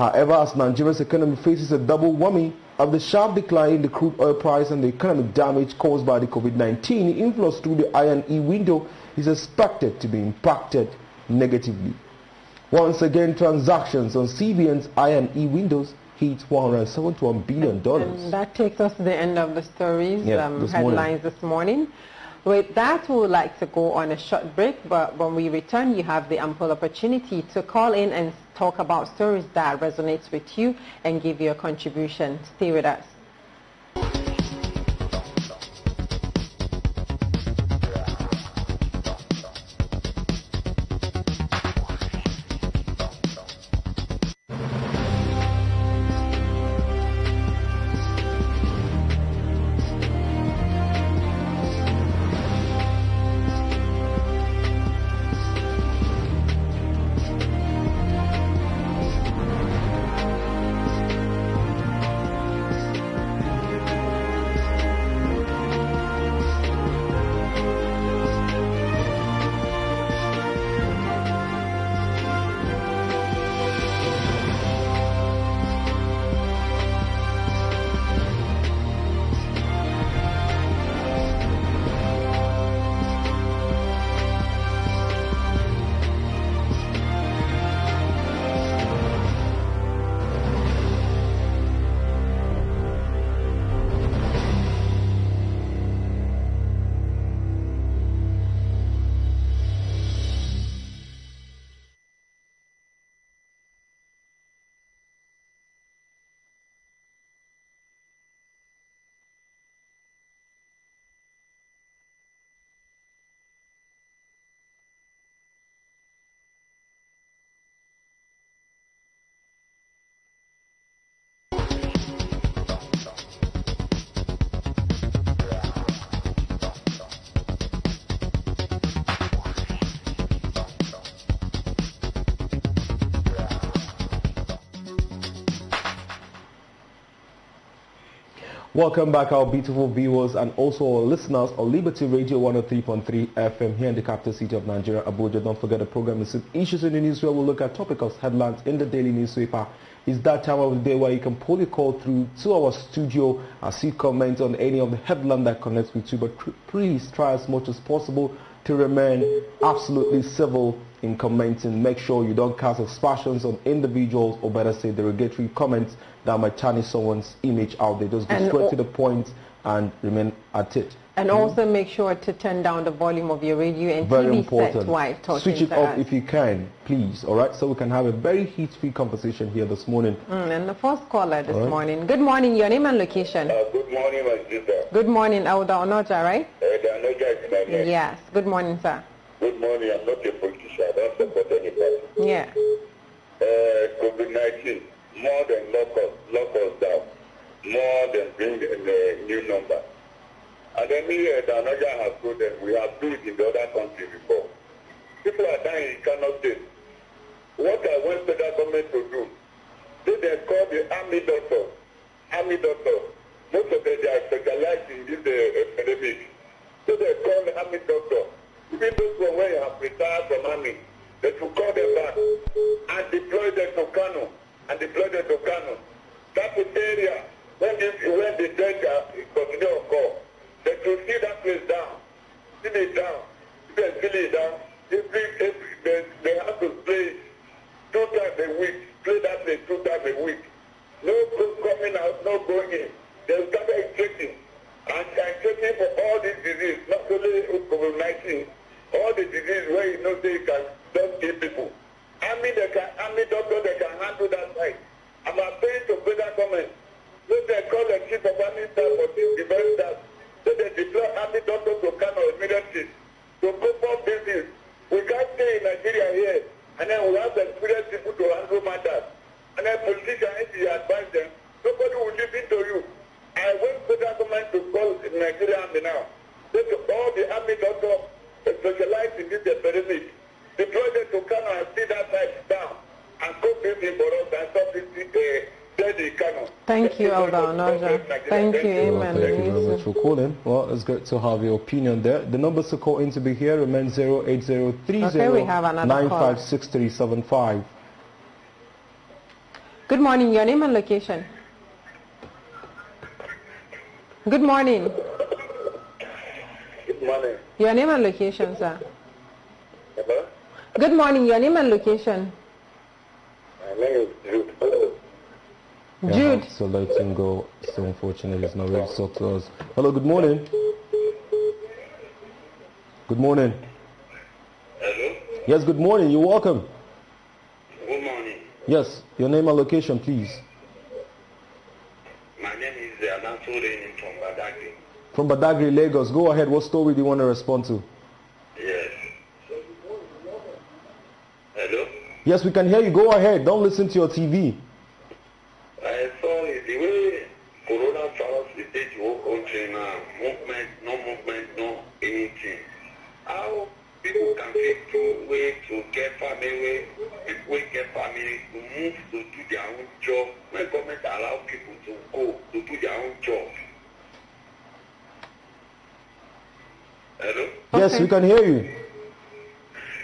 However, as Nigeria's economy faces a double whammy of the sharp decline in the crude oil price and the economic damage caused by the COVID-19 inflows through the I&E window is expected to be impacted negatively. Once again, transactions on CBN's I&E windows hit $171 billion. And that takes us to the end of the stories, um, this headlines morning. this morning. With that, we would like to go on a short break, but when we return, you have the ample opportunity to call in and talk about stories that resonates with you and give your contribution. Stay with us. Welcome back our beautiful viewers and also our listeners on Liberty Radio 103.3 FM here in the capital city of Nigeria, Abuja. Don't forget the program is Issues in the News where we'll look at topics, headlines in the daily newspaper. It's that time of the day where you can pull your call through to our studio and see comments on any of the headline that connects with you. But please try as much as possible to remain absolutely civil in commenting. Make sure you don't cast aspersions on individuals or better say derogatory comments that might tarnish someone's image out there. Just go straight to the point and remain at it. And mm -hmm. also make sure to turn down the volume of your radio and very TV important. set while talking Switch it off us. if you can, please. All right, so we can have a very heat-free conversation here this morning. Mm, and the first caller this right. morning. Good morning, your name and location. Uh, good morning, Majida. Good morning, Auda Onoja, right? Onoja is my name. Yes, good morning, sir. Good morning, I'm not a politician, I don't support anybody. Yeah. Uh, COVID-19, more than local, lock us down, more than bring a new number. And then here, that Niger has proven, we have do it in the other country before. People are dying in cannot State. What I want federal government to do, they then call the army doctor, army doctor. Most of them they are specialized in this uh, epidemic. So they call the army doctor. Even those who have retired from army, they should call them back and deploy them to Kano and deploy them to Kano. That the area when, if, when the danger is uh, continue to occur. They could see that place down, see it down, see the it down. Every, every they, they have to play two times a week, play that place two times a week. No coming out, no going in. They started treating and, and treating for all these disease, not only covid nineteen. all the disease where you know they can just kill people. Army, they can, army doctor, they can handle that side. I'm appealing to federal government. Let them call the chief of army staff for this, the very that So they deploy army doctors to Kano immediately to cope up business. We can't stay in Nigeria here and then we have the experienced people to handle matters. And then politicians to advise them. Nobody will listen to you. I want federal government to call the Nigerian army now. Take all the army doctors specialized in this epidemic. Deploy them to Kano and see that life down and cope with the Boros and stop this uh, Thank you, Elder Naja. Thank you, Amen. thank you very much for calling. Well, it's good to have your opinion there. The numbers to call in to be here remain 08030 we have another Good morning. Your name and location. Good morning. Good morning. Your name and location, sir. Hello? Good morning. Your name and location. My name is Ruth. Jude. So letting go. So unfortunately, it's not really so close. Hello. Good morning. Good morning. Hello. Yes. Good morning. You're welcome. Good morning. Yes. Your name and location, please. My name is Adantunde uh, from Badagry. From Badagry, Lagos. Go ahead. What story do you want to respond to? Yes. Hello. Yes, we can hear you. Go ahead. Don't listen to your TV. saying now, movement, no movement, no anything. How people can feel two way to get family, people get family to move to do their own job when government allow people to go to do their own job. Hello? Yes, we can hear you.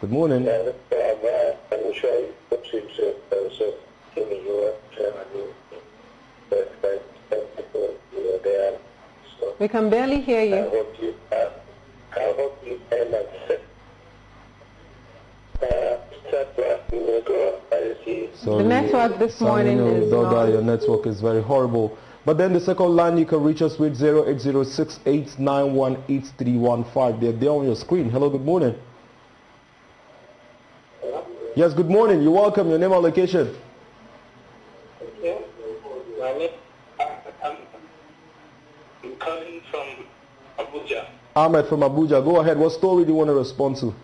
Good morning. We can barely hear you. Uh, uh, Sorry, the network this morning is Doda, your network is very horrible. But then the second line you can reach us with 080689183115. They're there on your screen. Hello, good morning. Yes, good morning. You're welcome. Your name and location. Okay. My name, I'm calling from Abuja. Ahmed from Abuja. Go ahead. What story do you want to respond to?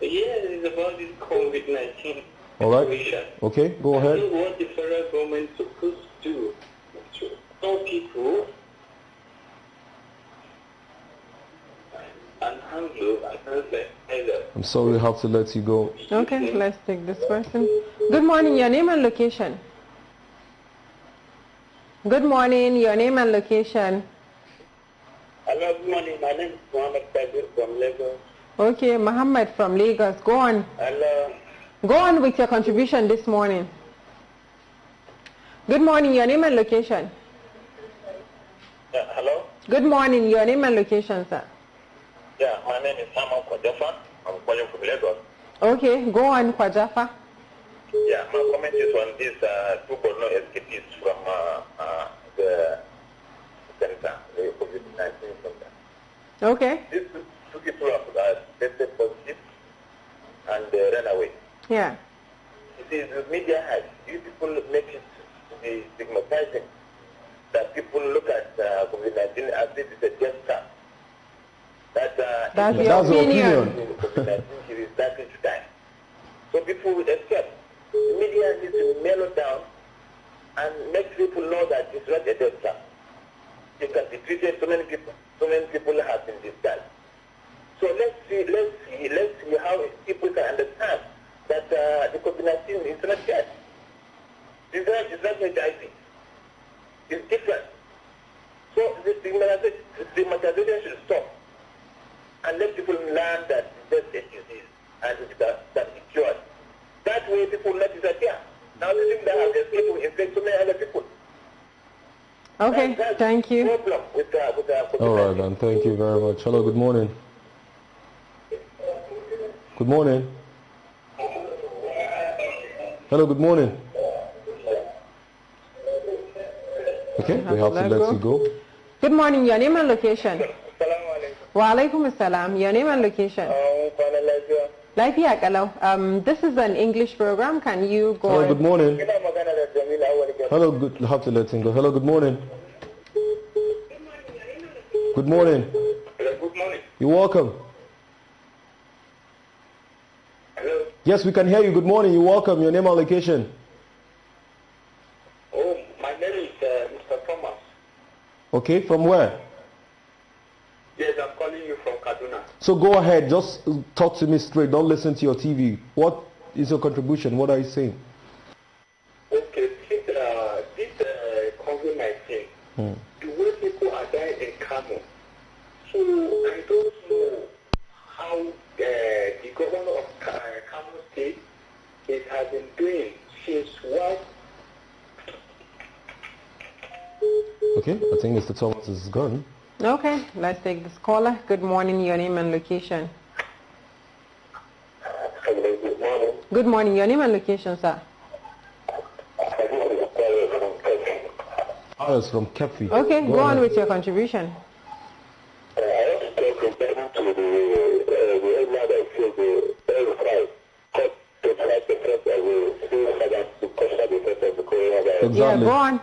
Yeah, it's about this COVID-19 All right. Okay, go ahead. so we have to let you go. Okay, let's take this person. Good morning, your name and location. Good morning, your name and location. Hello, good morning. My name is Muhammad Kabir from Lagos. Okay, Muhammad from Lagos. Go on. Hello. Go on with your contribution this morning. Good morning, your name and location. Yeah, uh, hello. Good morning, your name and location, sir. Yeah, my name is Samuel Kodefa. I'm calling from Lagos. Okay, go on, Kwajafa. Yeah, my comment is on these uh, two Borno escapees from uh, uh, the center, the COVID-19 center. Okay. These two people have tested positive and uh, ran away. Yeah. You see, the media has, you people make it be stigmatizing that people look at uh, COVID-19 as if it's a gesture uh, that's, your opinion. opinion. it is time. So people will accept. The media needs to mellow down and make people know that it's not a death trap. It has treated. so many people. So many people have been discussed. So let's see, let's see, let's see how people can understand that uh, the COVID-19 is not death. It's not, it's not HIV. It's different. So the stigmatization, stigmatization should stop and let people learn that this issue is and it's that, that it's yours. That way people let it appear. Now the thing that I've people given will infect so many other people. Okay, that, thank you. Problem with uh, the, uh, with the, with All right, then. Thank you very much. Hello, good morning. Good morning. Hello, good morning. Okay, we have to let go. you go. Good morning. Your name and location. Wa assalam. Your name and location? Um, Life Lafiya hello. Um, this is an English program. Can you go? Hello, good morning. Hello, good. Alhamdulillah, Tingo. Hello, good morning. Good morning. Hello, good morning. You're welcome. Hello. Yes, we can hear you. Good morning. You're welcome. Your name and location? Oh, my name is uh, Mr. Thomas. Okay, from where? Yes, I'm calling you from Kaduna. So go ahead, just talk to me straight. Don't listen to your TV. What is your contribution? What are you saying? Okay, this, uh, this uh, COVID-19, hmm. the way people are dying in Kano, so I don't know how uh, the governor of uh, Kano State it has been doing since what Okay, I think Mr. Thomas is gone. Okay, let's take this caller. Good morning, your name and location. Good morning. Good morning, your name and location, sir. I was from Kefi. Okay, go, go on, with your contribution. Exactly. Yeah, go on.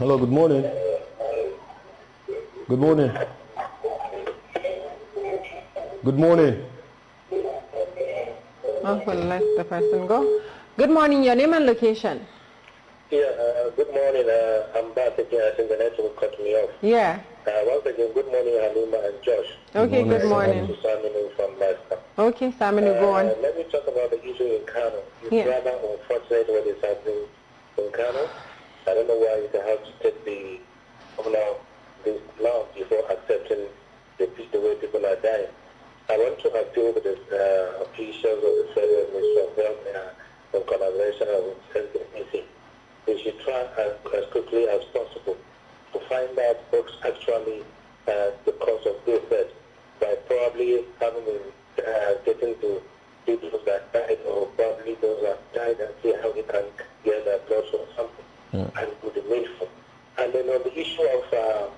Hello, good morning. Good morning. Good morning. Oh, we'll let the person go. Good morning, your name and location. Yeah, uh, good morning. Uh, I'm back again. I think the network cut me off. Yeah. Uh, once again, good morning, Halima and Josh. Okay, good morning. Good morning. From Leicester. Okay, Saminu, uh, go on. Uh, let me talk about the issue in Kano. It's yeah. rather unfortunate what is happening in Kano. I don't know why you have to take the now this now before accepting the, the way people are dying. I want to appeal to the uh, officials of the Federal Ministry of Health uh, in collaboration with SDC. We should try as, as, quickly as possible to find out what's actually uh, the cause of this death by probably having uh, getting to people that died or probably those that died and see how we can get that blood or something mm. and would wait for. And then on the issue of uh,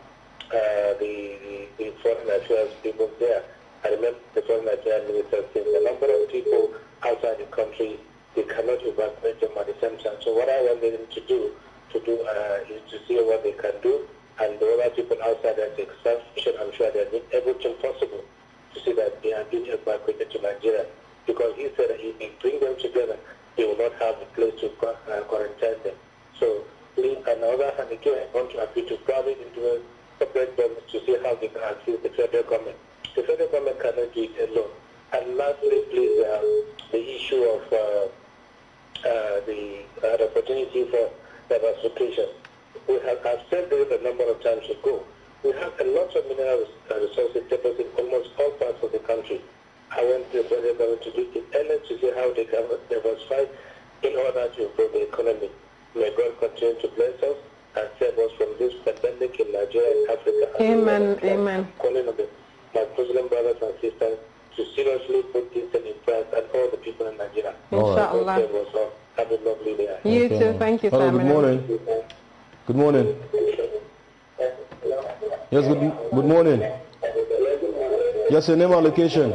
uh, the, the foreign affairs people there, I remember the foreign affairs minister saying the number of people outside the country, they cannot evacuate them at the same time. So what I wanted them to do, to do uh, is to see what they can do, and the other people outside that expansion, I'm sure they're doing everything possible to see that they are being evacuated to Nigeria. Because he said that if you bring them together, they will not have a place to uh, quarantine them. So doing another and again, I want to appeal to grab it into a separate government to see how they can assist the federal government. The federal government cannot do it alone. And lastly, please, uh, the issue of uh, uh, uh, the, opportunity for diversification. We have, I've said this a number of times ago. We have a lot of mineral uh, resources deposits in almost all parts of the country. I want the federal government to do it to see how they can diversify in order to improve the economy. May God continue to bless us and save us from this pandemic in Nigeria and Africa. Amen. And amen. Calling on my Muslim brothers and sisters to seriously put this in front. and all the people in Nigeria. Inshallah. Save us all. Have a lovely day. You okay. too. Thank you, Hello, Good morning. Good morning. Yes, good, good morning. Yes, your name and location.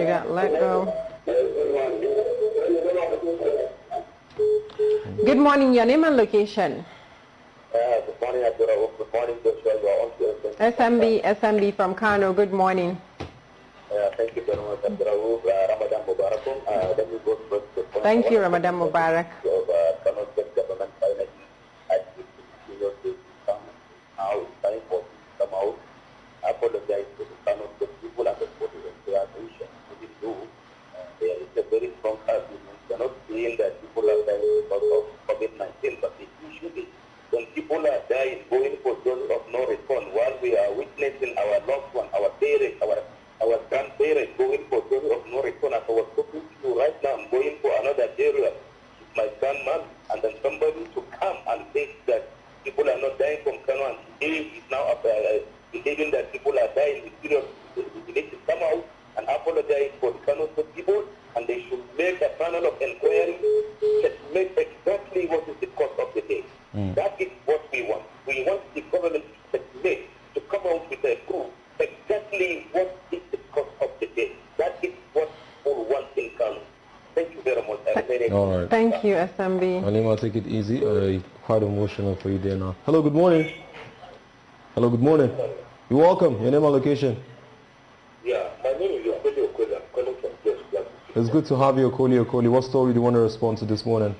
You got let go. Good morning. Your name and location? Uh, good morning, Abdullah. Good morning, Joshua. SMB, SMB from Kano. Good morning. Uh, thank you very much, uh, Ramadan Mubarak. Uh, thank you, Ramadan Mubarak. come out, the there is a very strong argument. that popular level of COVID-19, but it should be when people are dying, going for those of no response, while we are witnessing our loved one, our parents, our our grandparents going for those of no response, as I was talking to you right now, I'm going for another area my grandma, and then somebody to come and say that people are not dying from cancer, and today is now uh, uh that people are dying with serious, we need to come out and apologize for the of people, and they should make a panel of inquiry that make exactly what is the cost of the day. Mm. That is what we want. We want the government made to come out with a proof exactly what is the cost of the day. That is what all want in Kano. Thank you very much. Very all right. Thank you, SMB. Alima, take it easy. Uh, quite emotional for you there now. Hello, good morning. Hello, good morning. You're welcome. Your name and location. It's good to have you, Okoli. Okoli, what story do you want to respond to this morning?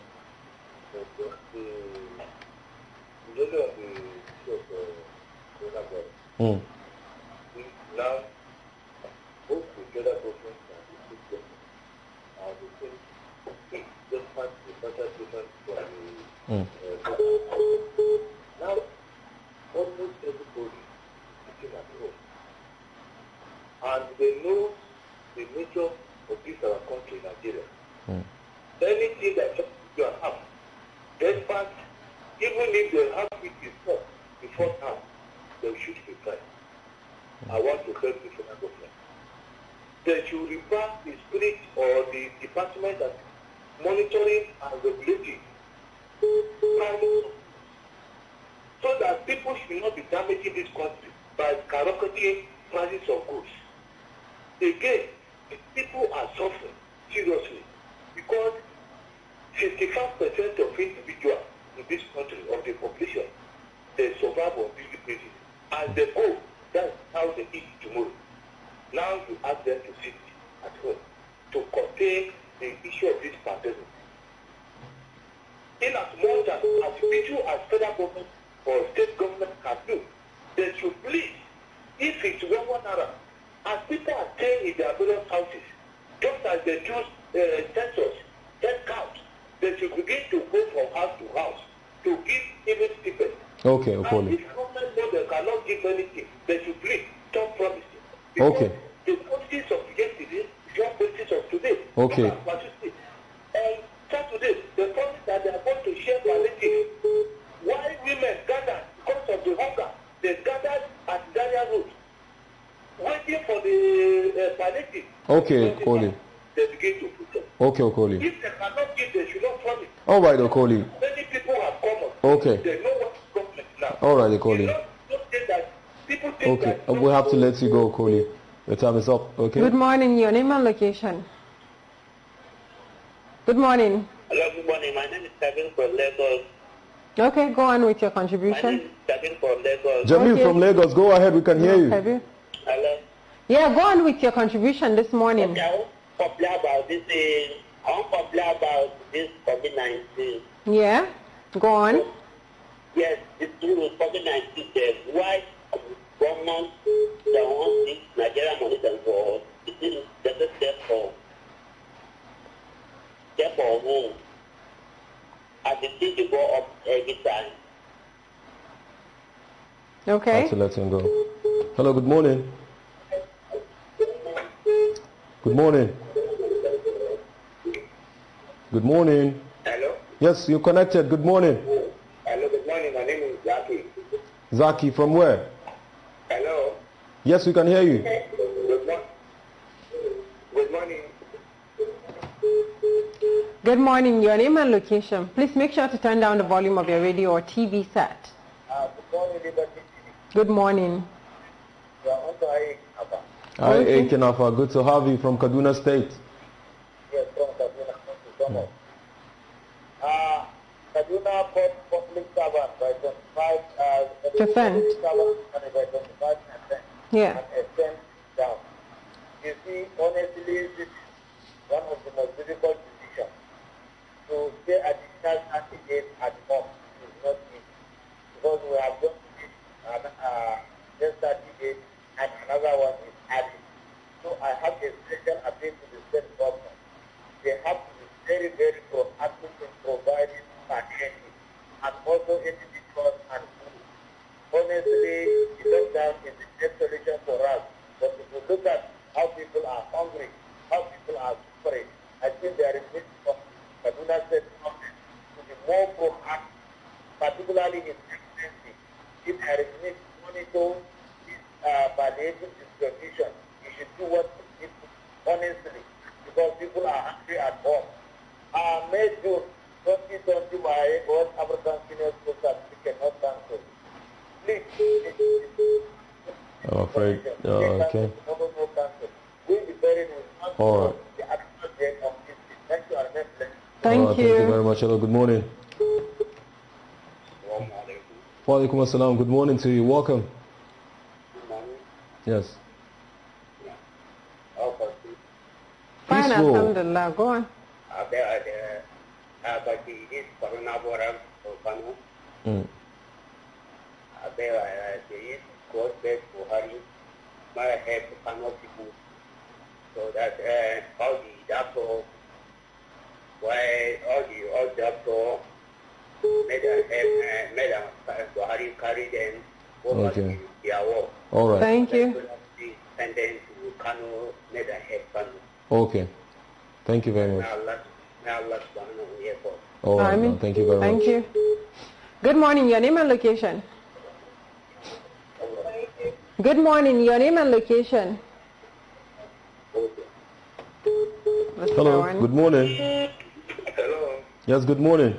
Okay, Okoli. Now, this government model cannot give anything. They should please stop promising. Because okay. The policies of yesterday is policies of today. Okay. On Saturday, they promised that they are going to share palliative. Why women gathered because of the hunger? They gathered at Daria Road, waiting for the uh, palliative. Okay, Okoli. They begin to protest. Okay, Okoli. If they cannot give, they should not promise. All right, Okoli. Many people have come up. Okay. They All right, Coley. Okay, we have to let you go, Coley. Your time is up. Okay. Good morning. Your name and location. Good morning. Hello. Good morning. My name is Kevin from Lagos. Okay, go on with your contribution. My name is Kevin from Lagos. Jamil okay. from Lagos. Go ahead. We can hear you. Kevin. Hello. Yeah, go on with your contribution this morning. Okay, I'm popular about this. Uh, I'm popular about this COVID-19. Yeah, go on. Yes, through COVID-19 why government that wants this Nigerian money than for it better step for step for home as it seems to go up every time. Okay. I have to let him go. Hello, good morning. Good morning. Good morning. Hello? Yes, you connected. Good morning morning. My name is Zaki. Zaki, from where? Hello. Yes, we can hear you. Good, mo- Good morning. Good morning. Your name and location. Please make sure to turn down the volume of your radio or TV set. Ah, good morning, Good morning. I, Hi, okay. Aiken Alpha. Good to have you from Kaduna State. Yes, from Kaduna. Thank you so much. Ah, uh, Kaduna Port percent. Yeah. You see, honestly, this is one of the most difficult decisions. To stay at the church and the gate at home is not easy. Because we have done this, and, uh, just at and another one is added. So I have a special appeal to the state government. They have to be very, very proactive in providing package and also individuals and groups. Honestly, the lockdown is the best solution for us. But if you look at how people are hungry, how people are suffering, I think there is need for Kaduna State government to be more proactive, particularly in emergency. If there is need to monitor this uh, palliative distribution, you should do what you need honestly, because people are hungry at home. Uh, major. 2035 was our continuous process. We cannot cancel. Please. I'm afraid. okay. Thank you. Thank you very much. Hello. Good morning. Wa alaikum assalam. Good morning to you. Welcome. Yes. Peaceful. Fine, alhamdulillah. Go on but it is coronavirus Panu. Mm. There is God bless Buhari, my help Panu people. So that uh, all the doctor, why all the all doctor made help, uh, uh, made a uh, carry them over okay. their work. All right. Thank you. to Kano, made help Okay. Thank you very much left the airport. Oh, I mean, no, thank you very much. Thank you. Good morning. Your name and location. Good morning. Your name and location. What's Hello. Good morning. Hello. Yes. Good morning.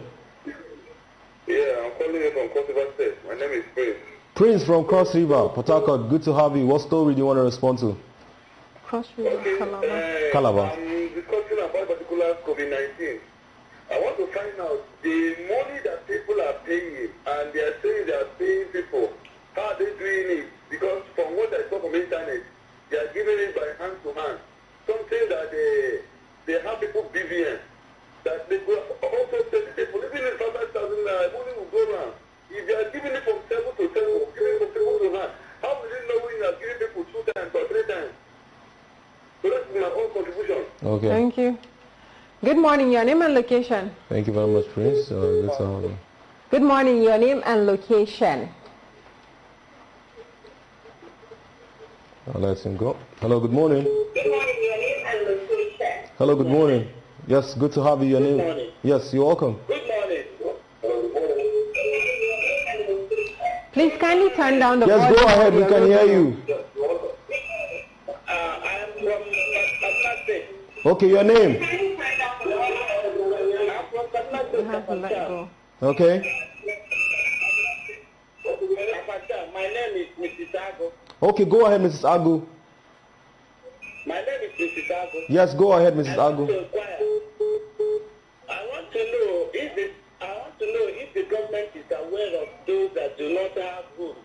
Yeah, I'm calling you from Cross River State. My name is Prince. Prince from Cross River, Port Good to have you. What story do you want to respond to? Cross River, okay. Calabar. Uh, Calabar. Um, COVID-19. I want to find out the money that people are paying and they are saying they are paying people. How are they doing it? Because from what I saw from internet, they are giving it by hand to hand. Something that they, they have people BVN. That they could also say people, even in 5,000 naira, money will go around. If they are giving it from 7 to 7, giving it from 7 to 9, how will they know when you are giving people two times or three times? So that's my own contribution. Okay. Thank you. Good morning. Your name and location. Thank you very much, Prince. Uh, that's all. Good morning. Your name and location. I'll let him go. Hello. Good morning. Good morning. Your name and location. Hello. Good morning. Yes. Good to have you. Your good name. Morning. Yes. You're welcome. Good morning. Please kindly turn down the. Yes. Go ahead. We can hear you. Uh, I am from Okay. Your name have to let go. Okay. My name is Mrs. Okay, go ahead, Mrs. Agu. My name is Mrs. Agu. Yes, go ahead, Mrs. Agu. I want to know if the I want to know if the government is aware of those that do not have room,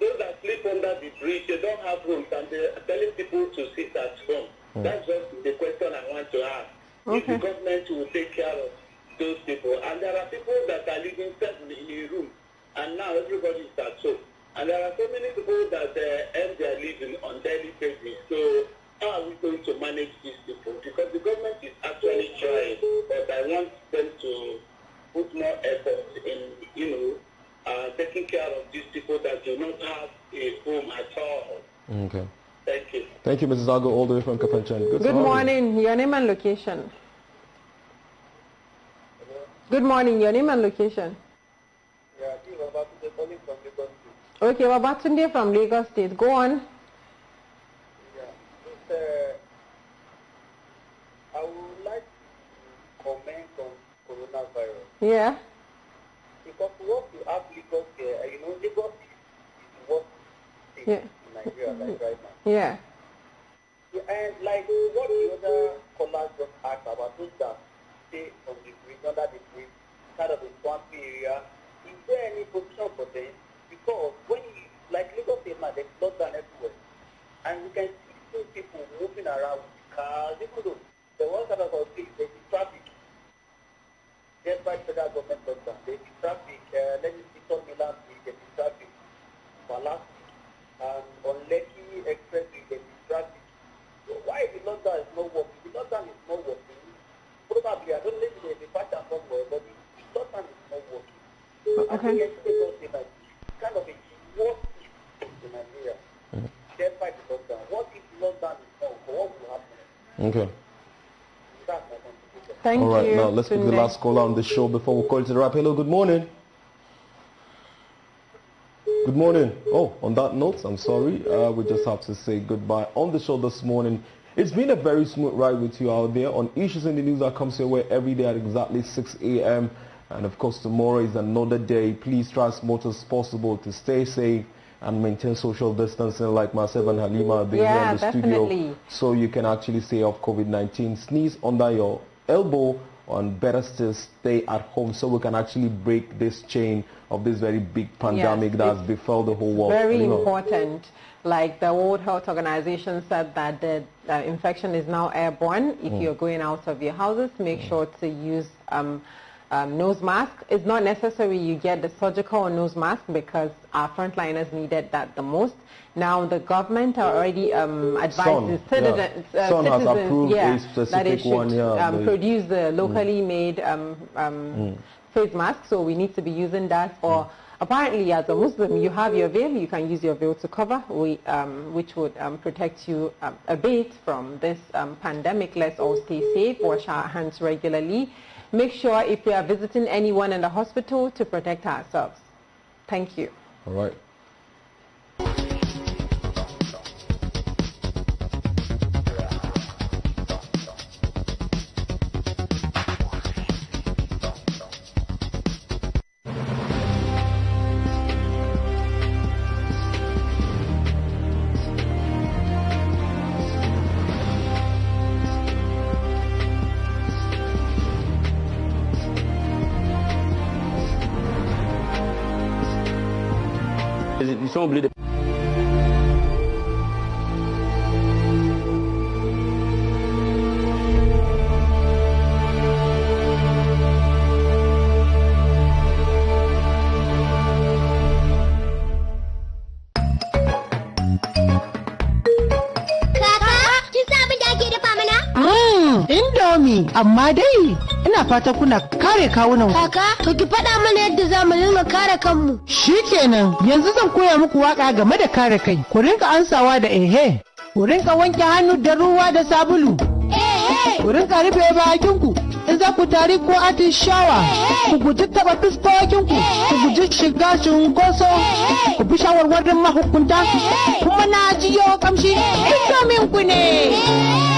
those that sleep under the bridge, they don't have rooms, and they are telling people to sit at home. Mm. That's just the question I want to ask. Okay. If the government will take care of those people. And there are people that are living separately in a room, and now everybody is at home. And there are so many people that uh, earn their living on daily basis. So how are we going to manage these people? Because the government is actually trying, but I want them to put more effort in, you know, uh, taking care of these people that do not have a home at all. Okay. Thank you. Thank you, Mrs. Ago, all the way from Kapanchan. Good, Good morning. Your name and location. Good morning. Your name and location? Yeah, Babatunde calling from Lagos State. Okay, from Lagos State. Go on. Yeah, uh, to coronavirus. Yeah. Because what you have Lagos here, you know, Lagos is the yeah. in Nigeria like right now. Yeah. And like what the other callers just asked about, is that say, of the bridge, under the bridge, kind of a swampy area. Is there any provision for them? Because when you, like Lagos State now, not done everywhere. And we can see still people moving around with cars, even though the world about this, there's the traffic. Despite federal government lockdown, there's the traffic, uh, let me see, Tom Milan, there's the traffic. Balas, and on Lekki expressway, there's the traffic. So why the lockdown is not working? The lockdown is not working probably, I don't know the fact i not well, but the short term is not working. So okay. I think yesterday was kind of a what if in Nigeria, mm. despite the lockdown, what if lockdown is not, what will happen? Okay. Thank All right, you. now let's pick the last caller on the show before we call it to the wrap. Hello, good morning. Good morning. Oh, on that note, I'm sorry. Uh, we just have to say goodbye on the show this morning. It's been a very smooth ride with you out there on Issues in the News that comes your way every day at exactly 6 a.m. And of course, tomorrow is another day. Please try as much as possible to stay safe and maintain social distancing like myself and Halima being yeah, in the definitely. studio so you can actually stay off COVID-19. Sneeze under your elbow on better still stay at home so we can actually break this chain of this very big pandemic yes, that's befell the whole world. Very important. Like the World Health Organization said that the uh, infection is now airborne. If mm. you're going out of your houses, make mm. sure to use um, um, nose mask. It's not necessary you get the surgical nose mask because our frontliners needed that the most. Now the government are already um, advising citizens, yeah. uh, citizens yeah, that it should one, yeah, um, produce the mm. locally mm. made um, um, mm. face mask. So we need to be using that. Or mm. apparently, as a Muslim, you have your veil. You can use your veil to cover, we, um, which would um, protect you a bit from this pandemic. Let's all stay safe. Wash our hands regularly make sure if we are visiting anyone in the hospital to protect ourselves. Thank you. All right. amma dai ina fata kuna kare kawunan kaka to ki faɗa mana yadda za mu rinka kare kanmu shikenan yanzu zan koya muku waka game da kare kai ku rinka ansawa da ehe ku rinka wanke hannu da ruwa da sabulu ku rinka rufe bakin ku in za ku tari ko atin shawa ku guji taba fuskokinku ku guji shiga cunkoso ku bi shawarwarin mahukunta kuma na jiyo kamshi duk ku ne.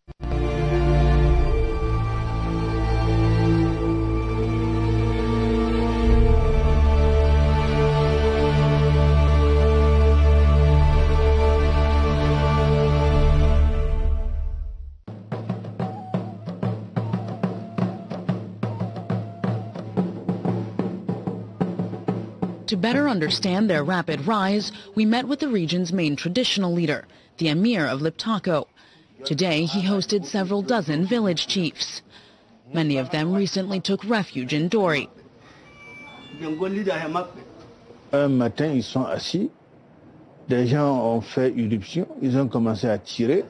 To better understand their rapid rise, we met with the region's main traditional leader, the Emir of Liptako. Today, he hosted several dozen village chiefs. Many of them recently took refuge in Dori. Un matin, ils sont assis. Des gens ont fait irruption, ils ont commencé à tirer.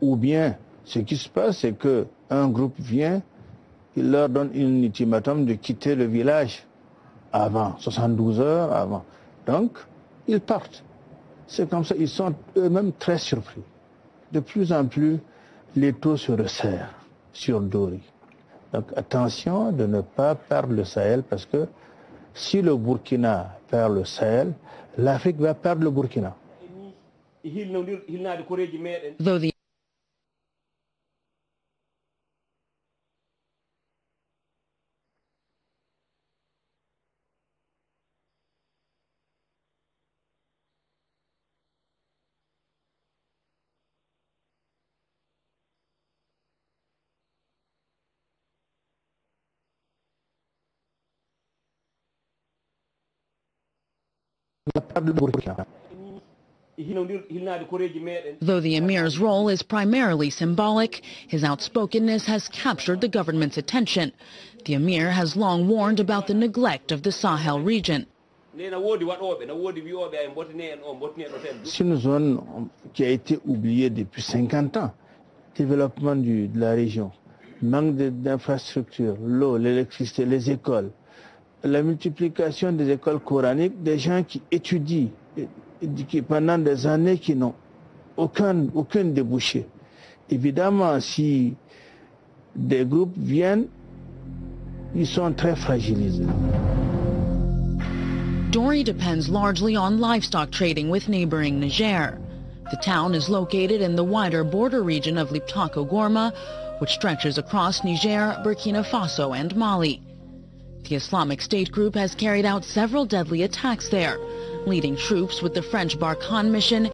Ou bien, ce qui se passe, c'est que un groupe vient, il leur donne un ultimatum de quitter le village. avant, 72 heures avant. Donc, ils partent. C'est comme ça, ils sont eux-mêmes très surpris. De plus en plus, les taux se resserrent sur Dori. Donc attention de ne pas perdre le Sahel parce que si le Burkina perd le Sahel, l'Afrique va perdre le Burkina. Though the emir's role is primarily symbolic, his outspokenness has captured the government's attention. The emir has long warned about the neglect of the Sahel region. région, manque d'infrastructures, l'eau, l'électricité, les écoles, la multiplication des écoles coraniques, des gens qui étudient et, et qui, pendant des années qui n'ont aucun, aucun débouché. Évidemment, si des groupes viennent, ils sont très fragilisés. Dori depends largely on livestock trading with neighboring Niger. The town is located in the wider border region of Liptako-Gorma, which stretches across Niger, Burkina Faso, and Mali. The Islamic State group has carried out several deadly attacks there, leading troops with the French Barkhane mission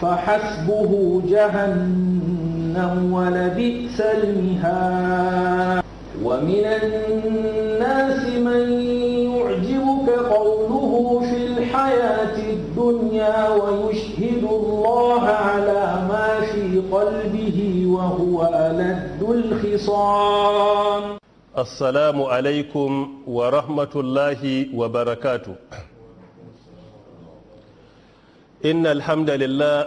فحسبه جهنم ولبئس المهاد ومن الناس من يعجبك قوله في الحياة الدنيا ويشهد الله على ما في قلبه وهو ألد الخصام السلام عليكم ورحمة الله وبركاته إن الحمد لله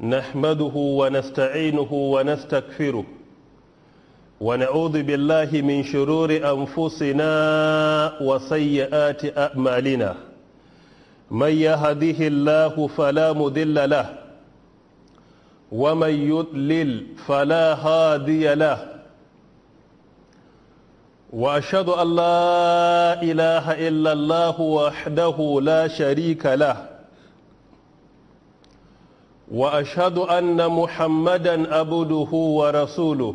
نحمده ونستعينه ونستكفره ونعوذ بالله من شرور أنفسنا وسيئات أعمالنا من يهده الله فلا مذل له ومن يضلل فلا هادي له وأشهد أن لا إله إلا الله وحده لا شريك له وأشهد أن محمدا عبده ورسوله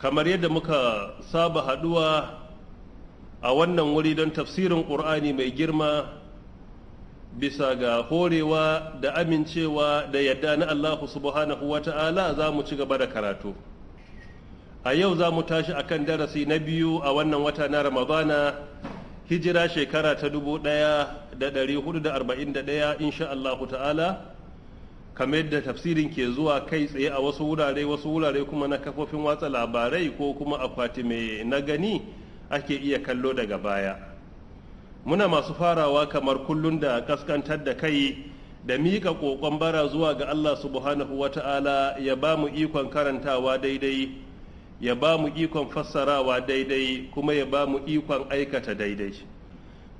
kamar yadda muka saba haduwa a wannan wuri don tafsirin ƙur'ani mai girma bisa ga horewa da amincewa da yadda na allahu subhanahu wa ta'ala za mu ci gaba da karatu a yau za mu tashi a kan darasi na biyu a wannan wata na ramadana hijira shekara ta dubu ɗaya da da ɗari arba'in 1441 insha allahu ta'ala kamar yadda tafsirin ke zuwa kai tsaye a wasu wurare wasu wurare kuma na kafofin watsa labarai ko kuma akwati mai na gani ake iya kallo daga baya muna masu farawa kamar kullum da kaskantar da kai da miƙa ƙoƙon bara zuwa ga allah subhanahu wata'ala ya ba mu ikon karantawa daidai ya ba mu ikon fassarawa daidai kuma ya ba mu ikon aikata daidai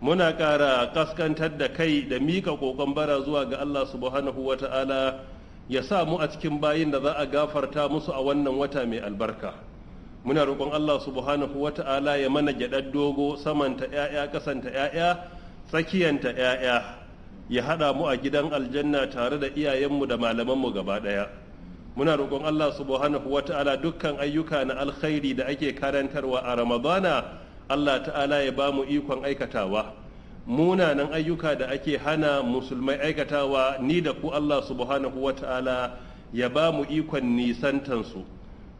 muna ƙara ƙaskantar da kai da mika kokon bara zuwa ga Allah subhanahu wa ta'ala ya sa mu a cikin bayin da za a gafarta musu a wannan wata mai albarka muna roƙon Allah subhanahu wa ta'ala ya mana gyaɗar dogo samanta 'ya'ya kasanta 'ya'ya tsakiyanta 'ya'ya ya haɗa mu a gidan aljanna tare da iyayenmu da malamanmu gaba ɗaya muna roƙon Allah subhanahu wa ta'ala dukkan ayyuka na alkhairi da ake karantarwa a ramadana Allah ta'ala ya ba mu ikon aikatawa munanan ayyuka da ake hana musulmai aikatawa ni da ku Allah subhanahu wata'ala ya ba mu ikon nisantansu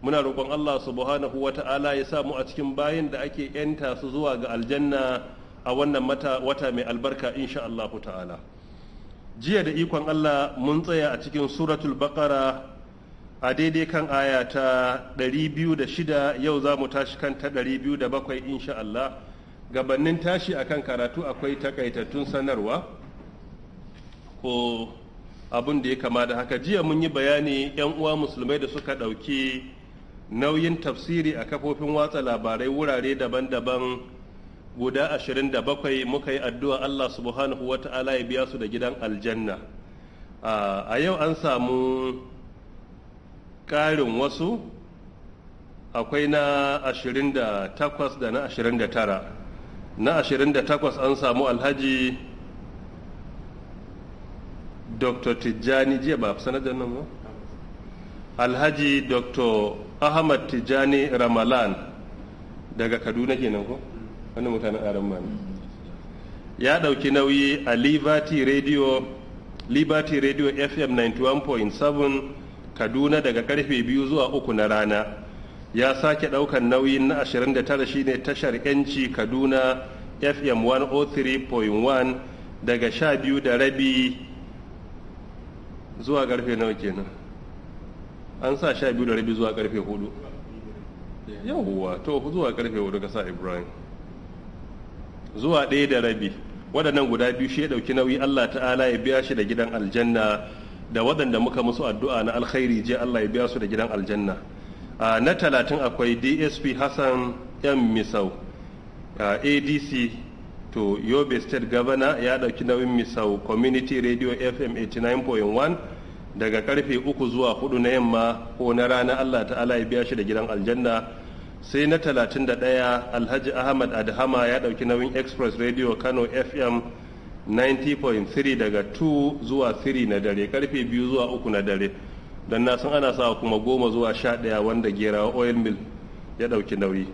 muna roƙon Allah subhanahu wata'ala ya sa mu a cikin bayan da ake yanta su zuwa ga aljanna a wannan wata mai albarka insha Allah ta'ala jiya da ikon Allah mun tsaya a cikin suratul baqara a daidai kan aya ta 206 yau za mu tashi kan ta 207 insha Allah gabannin tashi akan karatu akwai takaitattun sanarwa ko abin da ya kama da haka jiya mun yi bayani 'yan uwa musulmai da suka ɗauki nauyin tafsiri a kafofin watsa labarai wurare daban-daban guda 27 muka yi addu'a Allah subhanahu wa ta'ala ya biya su da gidan aljanna a yau an samu ƙarin wasu akwai na 28 da na tara. na 28 an samu alhaji dr tijjani jiya ba fi sanadar nan ba alhaji dr ahmad tijjani ramalan daga kaduna kenan ko wani mutanen aran ya dauki nauyi a liberty radio liberty radio fm 91.7 kaduna daga karfe 2 zuwa 3 na rana ya sake daukan nauyin na 29 shine tashar yanci kaduna fm 103.1 daga 12 da rabi zuwa karfe nawa kenan an sa 12 da rabi zuwa karfe 4 yawuwa to zuwa karfe 4 ka sa ibrahim zuwa ɗaya da rabi waɗannan guda biyu shi ya ɗauki nauyi allah ta'ala ya biya shi da gidan aljanna da waɗanda muka musu addu'a na alkhairi je allah ya biya su da gidan aljanna Ah, na talatin akwai dsp hassan yan misau adc ah, to yobe state governor ya ɗauki nauyin misau community radio fm 89.1 daga karfe uku zuwa huɗu na yamma ko na rana allah ta'ala ya biya shi da gidan aljanna sai na 31 alhaji ahmad adhama ya ɗauki nauyin express radio kano fm 90.3 daga 2 zuwa 3 na dare karfe 2 zuwa 3 na dare don na ana sa kuma goma zuwa sha ɗaya wanda gerawa oil mill ya ɗauki nauyi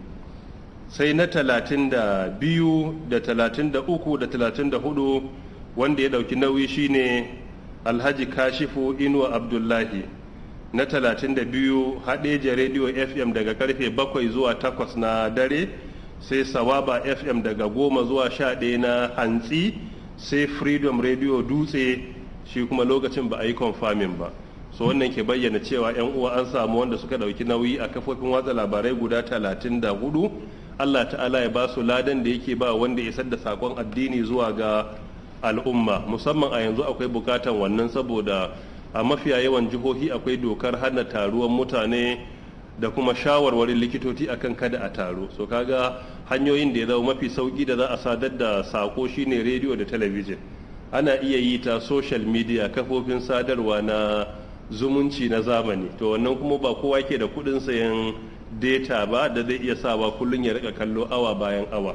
sai na talatin da biyu da talatin da uku da talatin da hudu wanda ya ɗauki nauyi shine alhaji kashifu inuwa abdullahi na talatin da biyu haɗeja rediyo fm daga karfe bakwai zuwa takwas na dare sai sawaba fm daga goma zuwa sha ɗaya na hantsi sai freedom radio dutse shi kuma lokacin ba a yi confirming ba so wannan ke bayyana cewa yan uwa an samu wanda suka dauki nauyi a kafofin watsa labarai guda talatin da hudu allah ta'ala ya ba su ladan da yake ba wanda ya da sakon addini zuwa ga al'umma musamman a yanzu akwai bukatan wannan saboda a mafiya yawan jihohi akwai dokar hana taruwan mutane da kuma shawarwarin likitoci akan kada a taro so kaga hanyoyin da ya zama mafi sauki da za a sadar da sako shine rediyo da talabijin ana iya yi ta social media kafofin sadarwa na zumunci na zamani to wannan kuma ba kowa ke da kuɗin sayan data ba da zai iya sawa kullum ya rika kallo awa bayan awa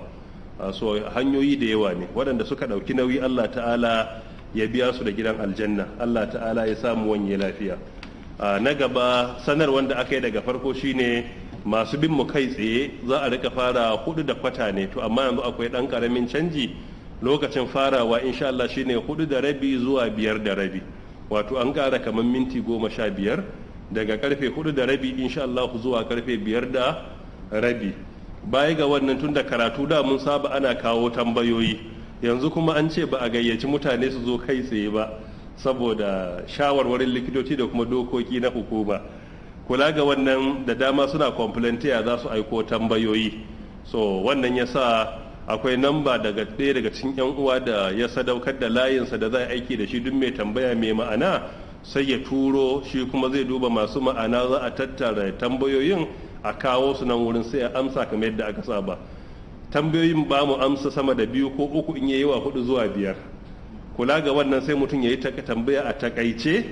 ah, so hanyoyi da yawa ne waɗanda suka ɗauki nauyi Allah ta'ala ya biya su da gidan aljanna Allah ta'ala ya samu wanye lafiya ah, na gaba sanar wanda aka yi daga farko shine masu bin mu kai tsaye za a rika fara hudu da kwata ne to amma yanzu akwai ɗan karamin canji lokacin farawa insha Allah shine hudu da rabi zuwa biyar da rabi wato an ƙara kamar minti goma sha biyar daga karfe hudu da rabi insha Allah zuwa karfe biyar da rabi baya ga wannan tun da karatu da mun saba ana kawo tambayoyi yanzu kuma an ce ba a gayyaci mutane su zo kai tsaye ba saboda shawarwarin likitoci da kuma dokoki na hukuma kula ga wannan da dama suna complaintiya za su aiko tambayoyi so wannan ya sa akwai namba daga ɗaya daga cikin yan uwa da ya sadaukar da layinsa da za a aiki da shi duk mai tambaya mai ma'ana sai ya turo shi kuma zai duba masu ma'ana za a tattara tambayoyin a kawo su nan wurin sai a amsa kamar yadda aka saba tambayoyin ba mu amsa sama da biyu ko uku in yayi wa hudu zuwa biyar kula ga wannan sai mutum ya yayi tambaya a takaice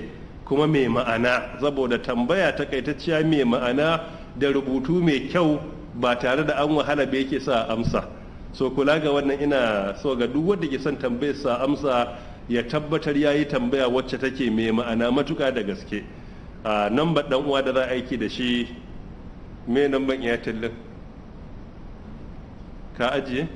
kuma mai ma'ana saboda tambaya takaitacciya mai ma'ana da rubutu mai kyau ba tare da an wahala ba yake sa amsa so kula ga wannan ina so ga duk wanda ke son tambayar sa amsa ya tabbatar ya yi tambaya wacce take mai ma'ana matuka da gaske a ba dan uwa da za a aiki da shi me nambar iya tallin ka ajiye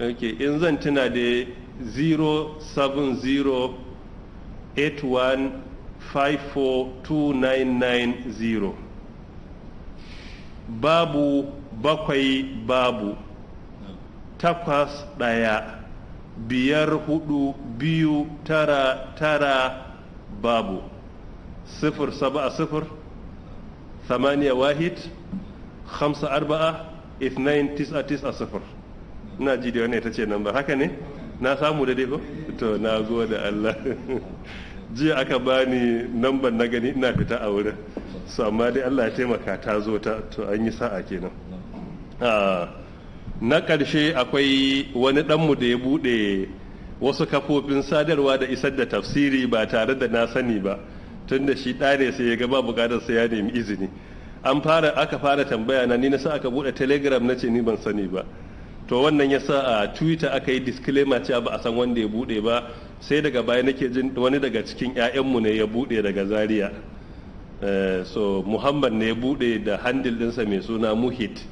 ok in zan tuna da 07081542990 babu bakwai babu takwas ɗaya biyar hudu biyu tara tara babu sifir saba a sifir samaniya wahid hamsa arba'a اثنين tisa tisa sifir na ji da wani ita ce nan ba haka ne na samu da ko to na zo da Allah jiya aka bani namban na gani ina fita a wurin su amma dai Allah ya taimaka ta zo ta to an yi sa'a kenan ah. na ƙarshe akwai wani ɗanmu da ya buɗe wasu kafofin sadarwa da isar da tafsiri ba tare da na sani ba tun da shi ɗare sai ya gaba buƙatar sai ya nemi izini an fara aka fara tambaya na ni na sa aka buɗe telegram na ce ni ban sani ba to wannan ya sa a twitter aka yi disclaimer cewa ba a san wanda ya buɗe ba sai daga baya nake jin wani daga cikin 'ya'yanmu ne ya buɗe daga zaria eh, so muhammad ne ya buɗe da handle ɗinsa mai suna muhit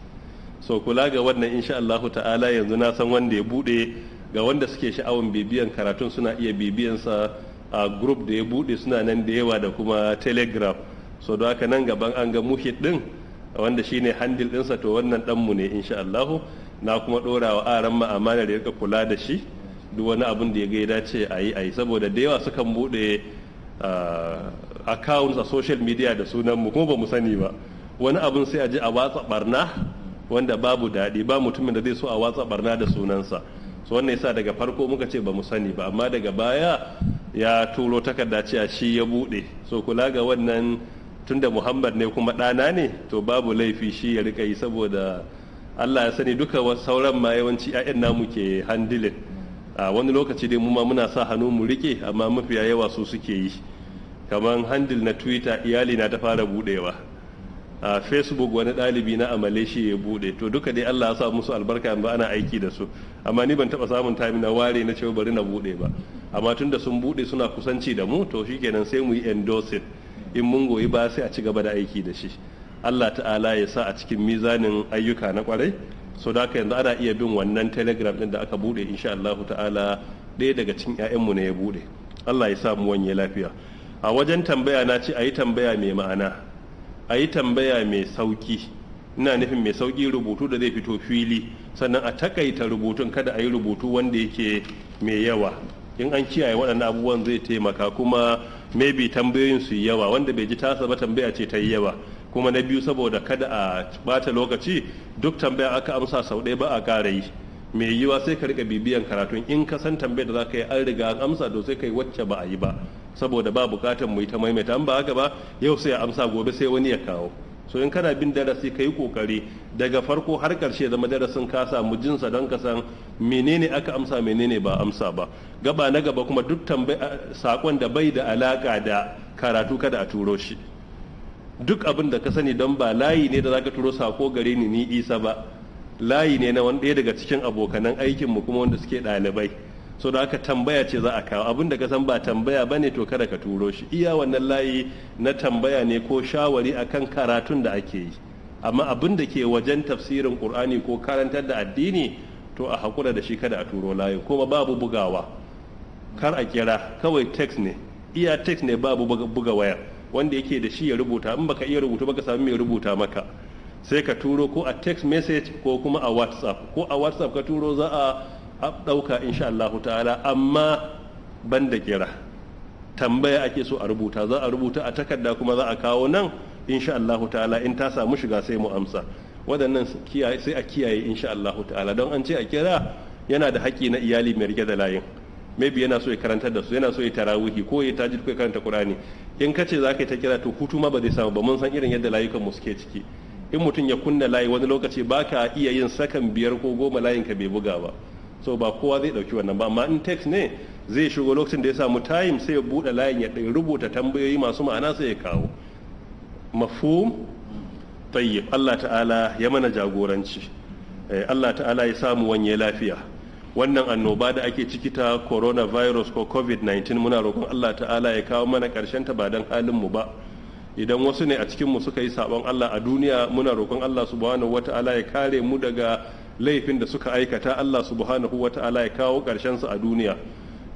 so kula ga wannan insha Allahu ta'ala yanzu na san wanda ya bude ga wanda suke sha'awan bibiyan karatun suna iya bibiyan sa a group da ya bude suna nan da yawa da kuma telegram so don haka nan gaban an ga muhit din wanda shine handle sa to wannan dan mu ne insha Allahu na kuma dorawa wa aran ma amana da rika kula da shi duk wani abin da ya ga ya dace a yi a yi saboda da yawa sukan bude accounts a social media da sunan mu kuma ba mu sani ba wani abun sai a ji a watsa barna wanda babu daɗi ba mutumin da zai so a watsa barna da sunansa so wannan yasa daga farko muka ce ba mu sani ba amma daga baya ya turo takarda cewa shi ya buɗe so kula ga wannan tunda muhammad ne kuma ɗana ne to babu laifi shi ya rika yi saboda allah ya sani duka sauran ma yawanci 'ya'yan namu ke handilin a wani lokaci dai mu ma muna sa hannu mu rike amma mafiya yawa su suke yi kamar handil na twitter iyali na ta fara buɗewa. a facebook wani ɗalibi na a malaysia ya bude to duka dai allah ya sa musu albarka ba ana aiki da su amma ni ban taba samun tami na ware na cewa bari na bude ba amma tunda sun bude suna kusanci da mu to shikenan sai mu yi endorsing in mun goyi ba sai a ci gaba da aiki da shi allah ta'ala ya sa a cikin mizanin ayyuka na kwarai so da yanzu ana iya bin wannan telegram din da aka bude insha allahu ta'ala ɗaya daga cikin mu ne ya bude allah ya sa mu wanye lafiya a wajen tambaya na ce a yi tambaya mai ma'ana a yi tambaya mai sauki ina nufin mai sauki rubutu da zai fito fili sannan a takaita rubutun kada a yi rubutu wanda yake mai yawa in an kiyaye waɗannan abubuwan zai taimaka kuma maybe tambayoyin su yi yawa wanda bai ji tasa ba tambaya ce ta yi yawa kuma na biyu saboda kada a bata lokaci duk tambaya aka amsa sau ɗaya ba a ƙara yi mai yiwa sai ka riƙa bibiyan karatun in ka san tambayar da za ka yi an riga an amsa to sai ka yi wacce ba a yi ba saboda ba bukatar mu yi ta maimaita an ba haka ba yau sai amsa gobe sai wani ya kawo so in kana bin darasi ka yi kokari daga farko har karshe zama darasin ka samu jinsa don ka san menene aka amsa menene ba amsa ba gaba na gaba kuma duk sakon da bai da alaka da karatu kada a turo shi duk abin da ka sani don ba layi ne da zaka turo sako gare ni ni isa ba layi ne na wani ɗaya daga cikin abokanan aikinmu kuma wanda suke ɗalibai so da haka tambaya ce za a kawo abin da ka san ba tambaya bane to kada ka turo shi iya wannan layi na tambaya ne ko shawari akan karatun da ake yi amma abin da ke wajen tafsirin qur'ani ko karantar da addini to a hakura da shi kada a turo layi kuma babu bugawa kar a kira kawai text ne iya text ne babu buga waya wanda yake da shi ya rubuta in baka iya rubuta baka sami mai rubuta maka sai ka turo ko a text message ko kuma a whatsapp ko a whatsapp ka turo za a ɗauka insha Allah ta'ala amma ban da kira tambaya ake so a rubuta za a rubuta a takarda kuma za a kawo nan insha Allah ta'ala in ta samu shiga sai mu amsa waɗannan sai a kiyaye insha Allah ta'ala don an ce a kira yana da haƙƙi na iyali mai rike da layin maybe yana so ya karantar da su yana so ya tarawihi ko ya tajid ko ya karanta Qur'ani in kace za ka yi ta kira to hutu ma ba zai samu ba mun san irin yadda layukan mu suke ciki in mutum ya kunna layi wani lokaci baka iya yin sakan biyar ko goma layin ka bai buga ba so ba kowa zai dauki wannan ba amma in text ne zai shigo lokacin da ya samu time sai ya bude layin ya rubuta tambayoyi masu ma'ana sai ya kawo mafhum tayyib Allah ta'ala ya mana jagoranci eh, Allah ta'ala ya samu wanye lafiya wannan annoba da ake ciki ta coronavirus ko covid-19 muna roƙon Allah ta'ala ya kawo mana ƙarshen ta ba don halin mu ba idan wasu ne a cikin mu suka yi sabon Allah a duniya muna roƙon Allah subhanahu wata'ala ya kare mu daga laifin da suka aikata Allah subhanahu ta'ala ya kawo ƙarshen su a duniya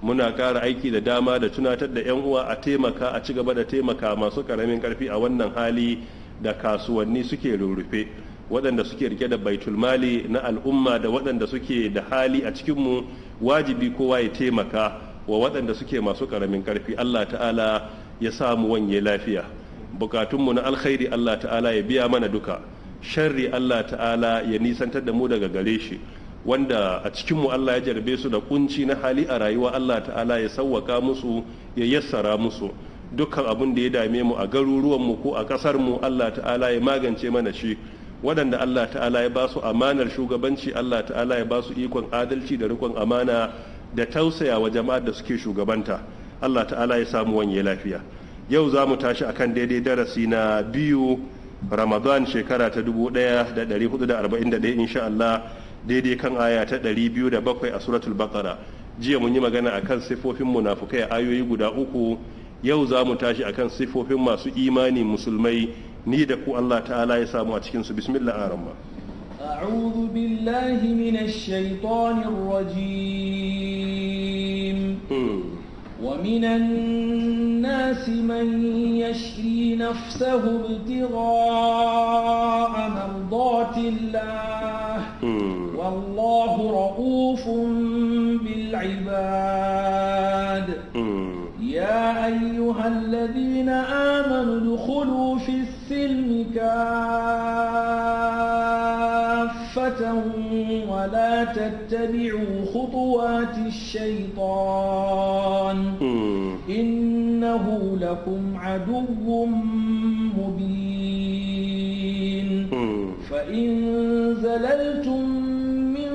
muna ƙara aiki da dama da tunatar da 'yan uwa a taimaka a cigaba da taimaka masu ƙaramin ƙarfi a wannan hali da kasuwanni suke rurrufe waɗanda suke rike da baitulmali na al'umma da waɗanda suke da hali a cikinmu wajibi kowa ya taimaka wa waɗanda suke masu ƙaramin ƙarfi allah ta'ala ya samu wanye lafiya bukatunmu na alkhairi allah ta'ala ya biya mana duka sharri Allah ta'ala ya nisantar da mu daga gare shi wanda a cikinmu Allah ya jarbe su da kunci na hali a rayuwa Allah ta'ala ya sawwaka musu ya yassara musu dukkan abin da ya dame mu a garuruwan mu ko a mu Allah ta'ala ya magance mana shi waɗanda Allah ta'ala ya basu amanar shugabanci Allah ta'ala ya basu ikon adalci da rikon amana da tausaya wa jama'ar da suke shugabanta Allah ta'ala ya samu wani lafiya yau za mu tashi akan daidai darasi na biyu ramadan shekara ta 1441 insha Allah daidai kan aya ta 207 a suratul baqara jiya mun yi magana akan sifofin munafukai a ayoyi guda uku yau za mu tashi akan sifofin masu imani musulmai ni da ku Allah ta'ala ya samu a cikin su bismillah arama أعوذ بالله من الشيطان الرجيم ومن الناس من يشري نفسه ابتغاء مرضات الله والله رؤوف بالعباد يا أيها الذين آمنوا ادخلوا في السلم كافة ولا تتبعوا خطوات الشيطان شيطان إنه لكم عدو مبين فإن زللتم من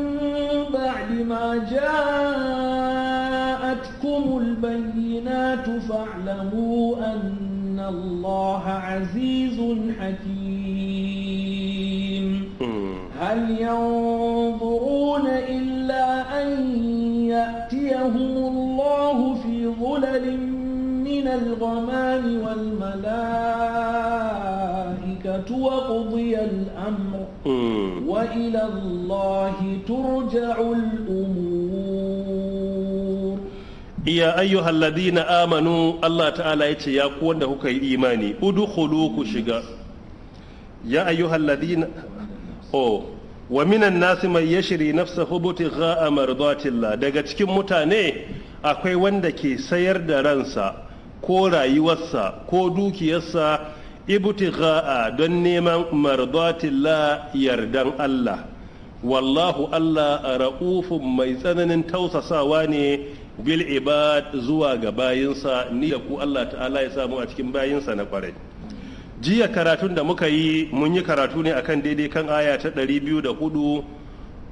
بعد ما جاءتكم البينات فاعلموا أن الله عزيز حكيم هل ينظر الغمام والملائكة وقضي الأمر وإلى الله ترجع الأمور يا أيها الذين آمنوا الله تعالى يتي يا قوان إيماني ادخلوك شقا يا أيها الذين أوه wa minan nasi mai yashiri nafsa hubuti ga'a mardatillah daga cikin mutane akwai wanda ke sayar da ransa ko rayuwarsa ko dukiyarsa ibtigha'a don neman mardatillah yardan Allah wallahu Allah ra'ufun mai tsananin tausasawa ne bil ibad zuwa ga bayinsa ni da ku Allah ta'ala ya samu a cikin bayinsa na kwarai jiya karatun da muka yi mun yi karatu ne akan daidai kan aya ta 204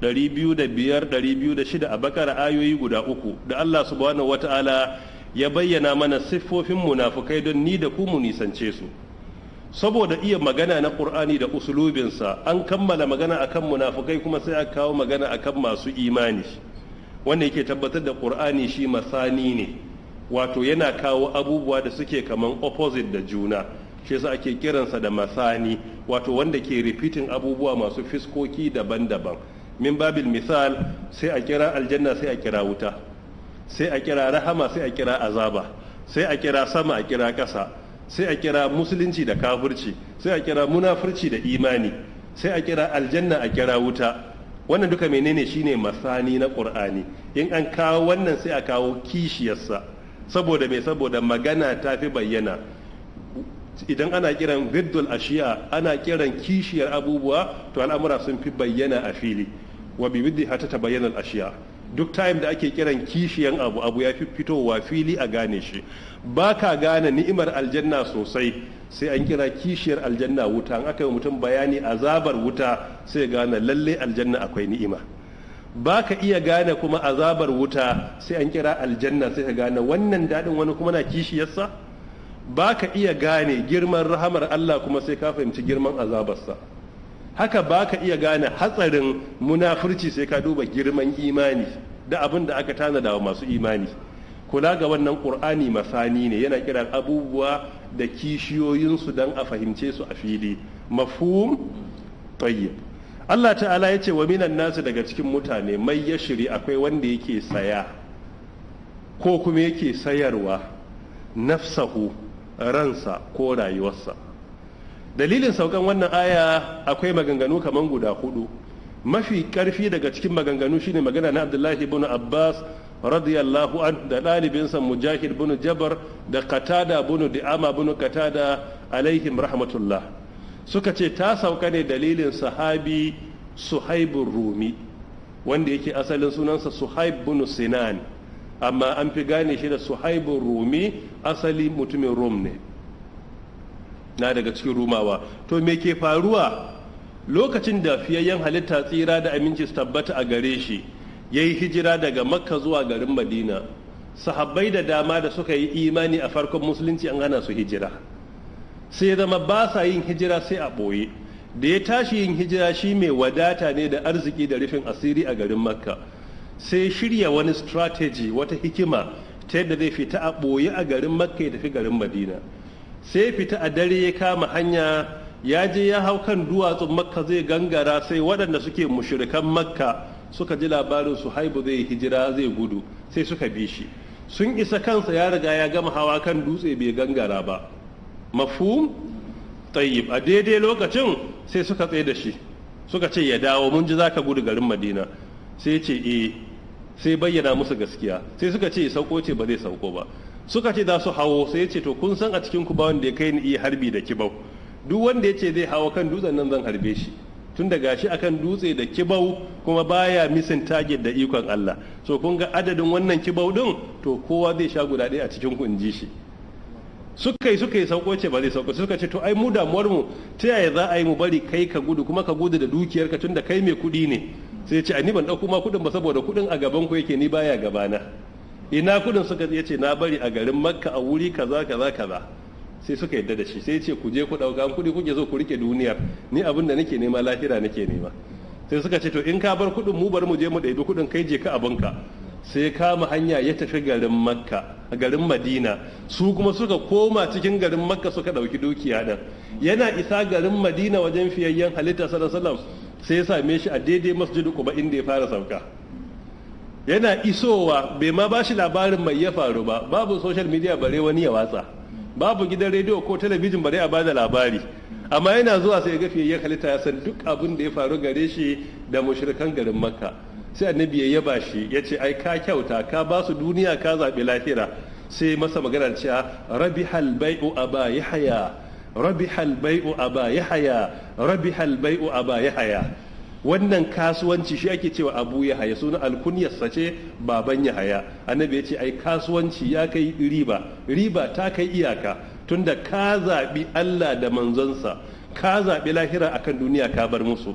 205 206 a bakar ayoyi guda uku da Allah subhanahu wata'ala ya bayyana mana siffofin munafukai don ni da ku mu nisance su saboda iya magana na ƙur'ani da usulubinsa an kammala magana akan munafukai kuma sai aka kawo magana akan masu imani wanda yake tabbatar da ƙur'ani shi masani ne wato yana kawo abubuwa da suke kaman opposite da juna shi yasa ake kiransa da masani wato wanda ke repeating abubuwa masu fiskoki daban-daban min babil misal sai a kira aljanna sai a kira wuta sai a kira rahama sai a kira azaba sai a kira sama a kira ƙasa sai a kira musulunci da kafirci sai a kira munafurci da imani sai a kira aljanna a kira wuta wannan duka menene shine masani na qur'ani in an kawo wannan sai a kawo kishiyarsa saboda mai saboda magana ta fi bayyana idan ana kiran biddul ashiya ana kiran kishiyar abubuwa to al'amura sun fi bayyana a fili wa bi hatta tabayyana al ashiya duk time da ake kiran kishiyan abu abu ya fi fitowa fili a gane shi ba ka gane ni'imar aljanna sosai sai an kira kishiyar aljanna wuta an aka yi mutum bayani azabar wuta sai gane lalle aljanna akwai ni'ima ba ka iya gane kuma azabar wuta sai an kira aljanna sai ka gane wannan daɗin wani kuma na kishiyarsa ba ka iya gane girman rahamar Allah kuma sai ka fahimci girman azabarsa haka ba ka iya gane hatsarin munafurci sai ka duba girman imani da abin da aka tanada wa masu imani kula ga wannan ƙur'ani masani ne yana kiran abubuwa da kishiyoyinsu don a fahimce su a fili mafhum tayyib Allah ta'ala ya ce wa minan nasu daga cikin mutane mai ya shiri akwai wanda yake saya ko kuma yake sayarwa nafsahu ransa ko rayuwarsa dalilin saukan wannan aya akwai maganganu kamar guda hudu mafi karfi daga cikin maganganu shine magana na abdullahi ibn abbas radiyallahu an da ɗalibinsa mujahid ibn jabar da qatada ibn di'ama ibn qatada alaihim rahmatullah suka ce ta sauka ne dalilin sahabi suhaibun rumi wanda yake asalin sunansa suhaib ibn sinan amma an fi gane shi da suhaibun rumi asali mutumin rum ne na daga cikin rumawa to me ke faruwa lokacin da fiyayyen halitta tsira da aminci su tabbata a gare shi ya yi hijira daga makka zuwa garin madina sahabbai da dama da suka yi imani a farkon musulunci an hana su hijira sai zama ba sa yin hijira sai a ɓoye da ya tashi yin hijira shi mai wadata ne da arziki da rufin asiri a garin makka sai shirya wani strategy wata hikima ta yadda zai fita a ɓoye a garin makka ya tafi garin madina sai fita a dare ya kama hanya ya je ya hau kan duwatsun makka zai gangara sai waɗanda suke mushirikan makka suka ji labarin su haibu zai hijira zai gudu sai suka bi shi sun isa kansa ya riga ya gama hawa kan dutse bai gangara ba mafu. tayyib a daidai lokacin sai suka tsaye da shi suka ce ya dawo mun ji zaka gudu garin madina sai ce eh sai bayyana musu gaskiya sai suka ce sauko ce ba zai sauko ba suka ce za su hawo sai ya ce to kun san a cikin ku ba wanda ya kai ni iya harbi da kibau duk wanda ya ce zai hawo kan dutsen nan zan harbe shi tun da gashi akan dutse da kibau kuma baya misin target da ikon Allah so kun ga adadin wannan kibau din to kowa zai sha guda ɗaya a cikin ku in ji shi suka yi suka yi sauko ce ba zai sauko suka ce to ai mu damuwar mu ta yaya za a yi mu bari kai ka gudu kuma ka gudu da dukiyarka tun da kai mai kuɗi ne sai ce ai ni ban ɗauko ma kuɗin ba saboda kuɗin a gaban ku yake ni baya gabana ina kudin suka ya ce na bari a garin makka a wuri kaza kaza kaza sai suka yadda da shi sai ce ku je ku dauka kudi kuke so ku rike duniyar ni abin da nake nema lahira nake nema sai suka ce to in ka bar kudin mu bar mu je mu daidu kudin kai je ka abinka sai kama hanya ya tafi garin makka a garin madina su kuma suka koma cikin garin makka suka ɗauki dukiya din yana isa garin madina wajen fiyayyen halitta sallallahu sai ya same shi a daidai masjidu kuma inda ya fara sauka yana isowa bai ma ba shi labarin mai ya faru ba babu social media bare wani ya watsa babu gidan rediyo ko talabijin bare a ba da labari amma yana zuwa sai ya gafe ya halitta ya san duk abin da ya faru gare shi da mushrikan garin makka sai annabi ya yaba shi ya ce ai ka kyauta ka ba su duniya ka zaɓi lahira sai masa magana cewa rabihal bai'u aba yahya rabihal bai'u aba yahya rabihal bai'u aba yahya wannan kasuwanci shi ake cewa abu ya haya suna alkunyarsa ce baban ya haya annabi ya ce ai kasuwanci ya kai riba riba ta kai iyaka tunda ka zaɓi allah da manzonsa ka zaɓi lahira akan duniya ka bar musu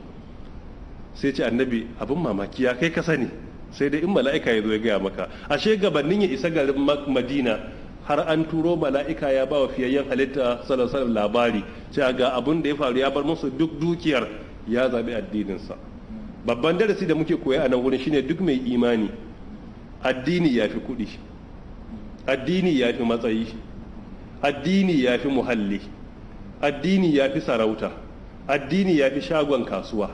sai ce annabi abin mamaki ya kai ka sani sai dai in mala'ika ya zo ya gaya maka ashe gabanin ya isa garin madina har an turo mala'ika ya ba wa fiyayyen halitta sallallahu labari cewa ga abin da ya faru ya bar musu duk dukiyar ya zaɓi addininsa babban darasi da muke koya a nan wurin shine duk mai imani addini ya fi kuɗi addini ya fi matsayi addini ya fi muhalli addini ya fi sarauta addini ya fi shagon kasuwa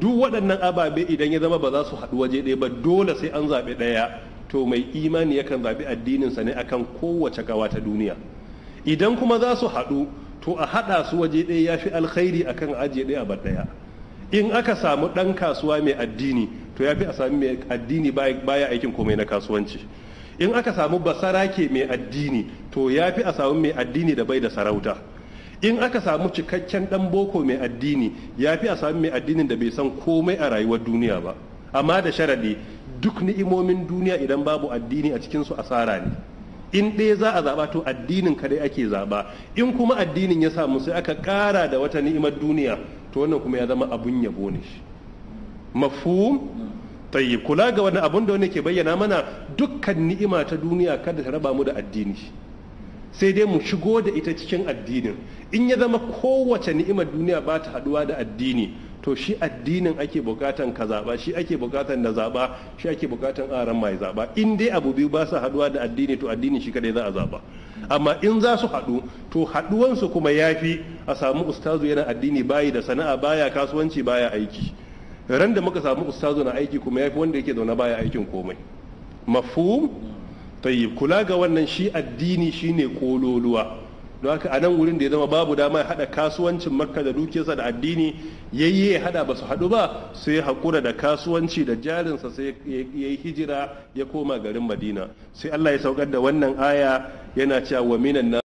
duk waɗannan ababe idan ya zama ba za su haɗu waje ɗaya ba dole sai an zaɓi ɗaya to mai imani yakan zaɓi addininsa ne akan kowace gawa ta duniya idan kuma za su haɗu to a haɗa su waje ɗaya ya fi alkhairi a kan ajiye ɗaya a ɗaya in aka samu ɗan kasuwa mai addini to ya fi a sami mai addini baya aikin komai na kasuwanci in aka samu basarake mai addini to ya fi a samu mai addini da bai da sarauta in aka samu cikakken ɗan boko mai addini ya fi a samu mai addinin da bai san komai a rayuwar duniya ba amma da sharaɗi duk ni'imomin duniya idan babu addini a cikinsu asara ne in ɗaya za a zaɓa to addinin kadai ake zaɓa in kuma addinin ya samu sai aka ƙara da wata ni'imar duniya to wannan kuma ya zama abun yabo ne shi mafhum tayi kula ga wani abun da wani ke bayyana mana dukkan ni'ima ta duniya kada ta raba mu da addini sai dai mu shigo da ita cikin addinin in ya zama kowace ni'imar duniya ba ta haɗuwa da addini to shi addinin ake bukatan ka zaba shi ake bukatan da zaba shi ake bukatan aran mai zaba in dai abu biyu ba su haduwa da addini to addinin shi kadai za a zaba amma in za su haɗu to haɗuwansu kuma yafi a samu ustazu yana addini bayi da sana'a baya kasuwanci baya aiki ran da muka samu ustazu na aiki kuma yafi wanda yake zaune baya aikin komai mafhum tayyib kula ga wannan shi addini shine kololuwa don haka a nan wurin da ya zama babu damar ya haɗa kasuwancin makka da dukiyarsa da addini yayye ya haɗa ba su haɗu ba sai ya haƙura da kasuwanci da jarinsa sai ya yi hijira ya koma garin madina sai allah ya saukar da wannan aya yana cewa wa minan